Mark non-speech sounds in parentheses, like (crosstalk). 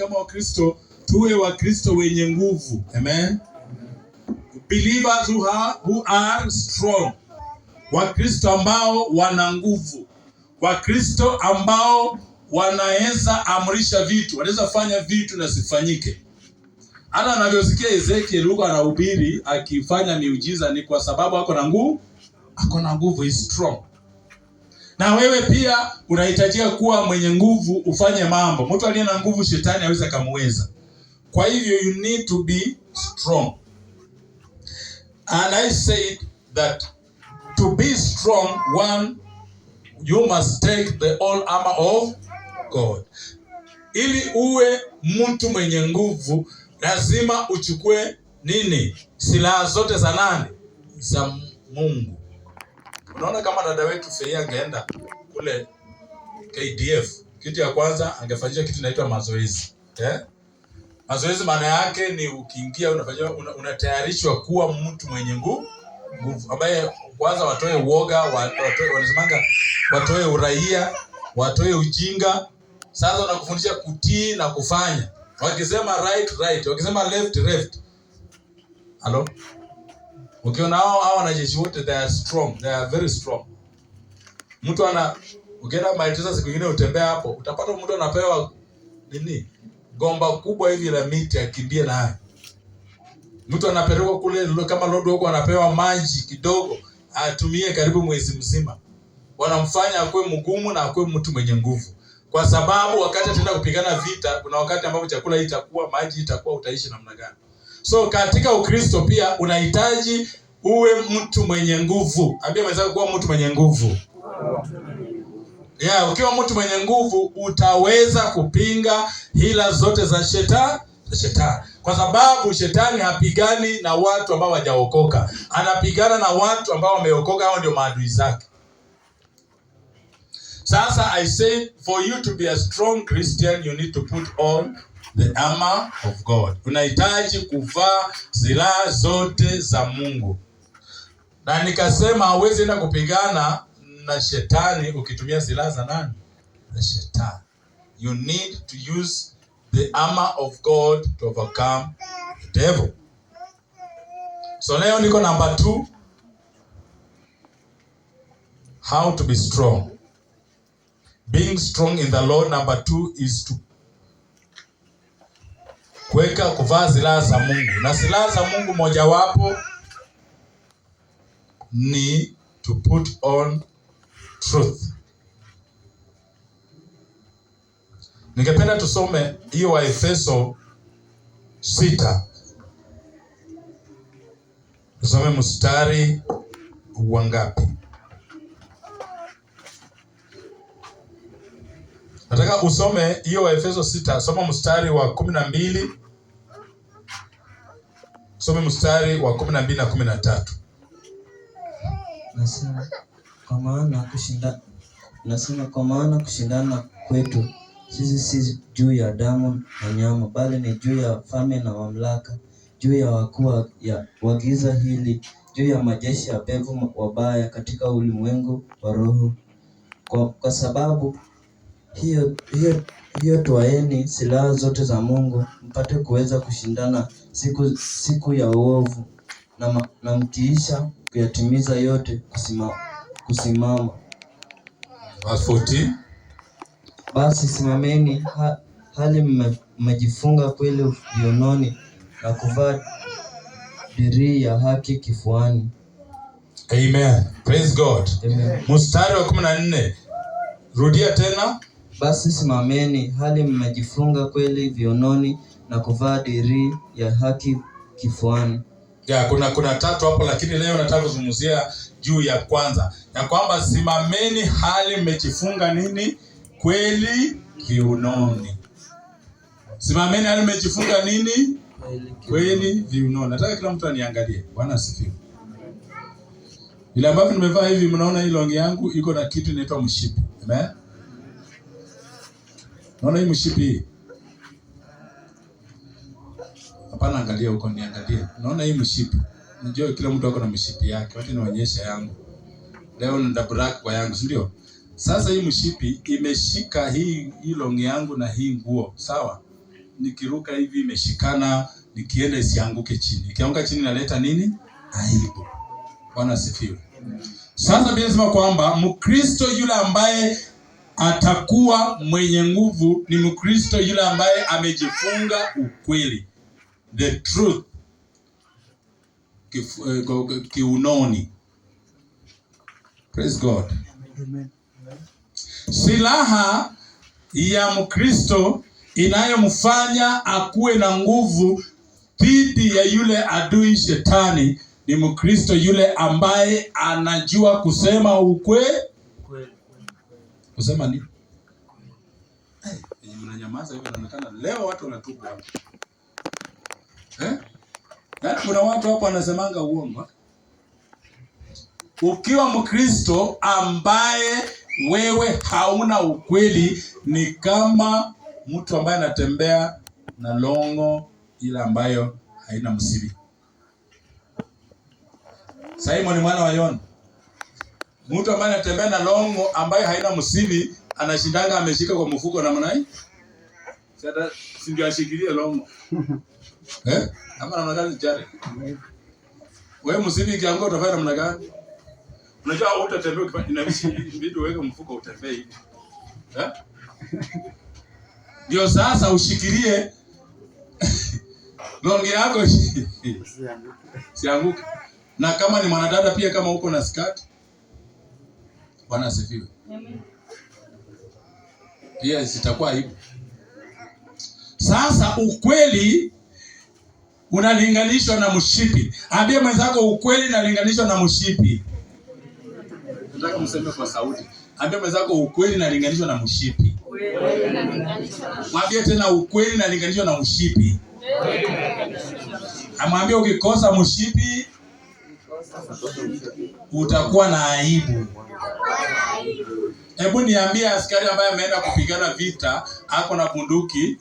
Kama Wakristo tuwe Wakristo wenye nguvu. Amen. Believers who are, who are strong. Wakristo ambao wana nguvu, Wakristo ambao wanaweza amrisha vitu, wanaweza fanya vitu na sifanyike. Hata anavyosikia Ezekiel huko anahubiri akifanya miujiza, ni kwa sababu ako na nguvu, ako na nguvu, is strong na wewe pia unahitajika kuwa mwenye nguvu, ufanye mambo. Mtu aliye na nguvu, shetani hawezi akamweza. Kwa hivyo you need to be strong and I said that to be strong one you must take the all armor of God. Ili uwe mtu mwenye nguvu, lazima uchukue nini? Silaha zote za nani? Za Mungu. Unaona, kama dada wetu Fei angeenda kule KDF, kitu ya kwanza angefanyia kitu inaitwa mazoezi eh? Mazoezi maana yake ni ukiingia unafanywa unatayarishwa kuwa mtu mwenye nguvu ambaye kwanza watoe uoga, watoe wanasemanga, watoe uraia, watoe ujinga. Sasa unakufundisha kutii na kufanya, wakisema right right, wakisema left left. Halo. Ukiona hao hao wanajeshi wote they are strong, they are very strong. Mtu ana ukienda Maldives siku nyingine utembea hapo, utapata mtu anapewa nini? Gomba kubwa hivi la miti akimbia nayo. Mtu anapelekwa kule kama lodo huko anapewa maji kidogo atumie karibu mwezi mzima. Wanamfanya akuwe mgumu na akuwe mtu mwenye nguvu. Kwa sababu wakati ataenda kupigana vita, kuna wakati ambapo chakula itakuwa, maji itakuwa, utaishi namna gani? So katika Ukristo pia unahitaji uwe mtu mwenye nguvu. Ambia mwenzako kuwa mtu mwenye nguvu. Yeah, ukiwa mtu mwenye nguvu utaweza kupinga hila zote za shetani shetani kwa sababu shetani hapigani na watu ambao wajaokoka, anapigana na watu ambao wameokoka. Hao ndio maadui zake. Sasa I say for you to be a strong Christian you need to put on the armor of God. Unahitaji kuvaa silaha zote za Mungu, na nikasema hauwezi enda kupigana na shetani ukitumia silaha za nani? Za shetani. You need to use the armor of God to overcome the devil. So leo niko number two. how to be strong. Being strong in the Lord number two is to kuweka kuvaa silaha za Mungu, na silaha za Mungu mojawapo ni to put on truth. Ningependa tusome hiyo wa efeso sita, tusome mstari ngapi? Nataka usome hiyo Efeso 6, soma mstari wa 12. some mstari wa kumi na 13. na kumi na Nasema kwa maana kushinda, nasema kwa maana kushindana kwetu sisi si juu ya damu na nyama, bali ni juu ya falme na mamlaka, juu ya wakuu ya wagiza hili, juu ya majeshi ya pevu wabaya katika ulimwengu wa roho, kwa, kwa sababu hiyo hiyo, hiyo twaeni silaha zote za Mungu mpate kuweza kushindana siku siku ya uovu, na na mkiisha kuyatimiza yote kusima, kusimama. Verse Basi simameni ha, hali mmejifunga kweli viunoni na kuvaa dirii ya haki kifuani. Amen. Praise God. Amen. Mstari wa 14. Rudia tena. Basi simameni, hali mmejifunga kweli viunoni na kuvaa dirii ya haki kifuani. Ya, kuna kuna tatu hapo, lakini leo nataka kuzungumzia juu ya kwanza ya kwamba simameni hali mmejifunga nini kweli viunoni. Simameni hali mmejifunga nini kweli viunoni. Nataka kila mtu aniangalie. Bwana asifiwe. Vile ambavyo nimevaa hivi, mnaona hii longi yangu iko na kitu inaitwa mshipi. Amen. Naona hii mshipi hii. Hapana, angalia huko, niangalie. Naona hii mshipi. Unajua kila mtu ako na mshipi yake. Wacha nionyeshe yangu. Leo ndio black kwa yangu, si ndio? Sasa hii mshipi imeshika hii hii long yangu na hii nguo, sawa? Nikiruka hivi imeshikana, nikienda isianguke chini. Ikianguka chini naleta nini? Aibu. Bwana sifiwe. Sasa mimi nasema kwamba Mkristo yule ambaye atakuwa mwenye nguvu. Ni Mkristo yule ambaye amejifunga ukweli, the truth eh, kiunoni. Praise God. Silaha ya Mkristo inayomfanya akuwe na nguvu dhidi ya yule adui shetani ni Mkristo yule ambaye anajua kusema ukweli kusema ni hey, eh, mnanyamaza hivi inaonekana leo watu wanatupa hapa. Eh? Yaani kuna watu hapa wanasemanga uongo. Ukiwa Mkristo ambaye wewe hauna ukweli ni kama mtu ambaye anatembea na longo ile ambayo haina msiri. Simon mwana wa Yona Mtu ambaye anatembea na longo ambayo haina msili anashindanga ameshika kwa mfuko namna hii. Sasa si ndio ashikilie longo. (laughs) Eh? Ama namna gani jare? Wewe msili kiango utafanya namna gani? Unajua utatembea inabidi inabidi uweke mfuko utembee hivi. Eh? Ndio sasa ushikilie (laughs) longo yako (laughs) sianguke. Na kama ni mwanadada pia kama uko na skati Bwana asifiwe. Pia zitakuwa hivyo. Sasa ukweli unalinganishwa na mshipi. Ambie mwenzako ukweli unalinganishwa na mshipi. Nataka mseme kwa sauti. Ambie mwenzako ukweli unalinganishwa na mshipi. Mwambie tena ukweli unalinganishwa na mshipi. Amwambie ukikosa mshipi utakuwa na aibu. Hebu niambie askari ambaye ameenda kupigana vita ako na bunduki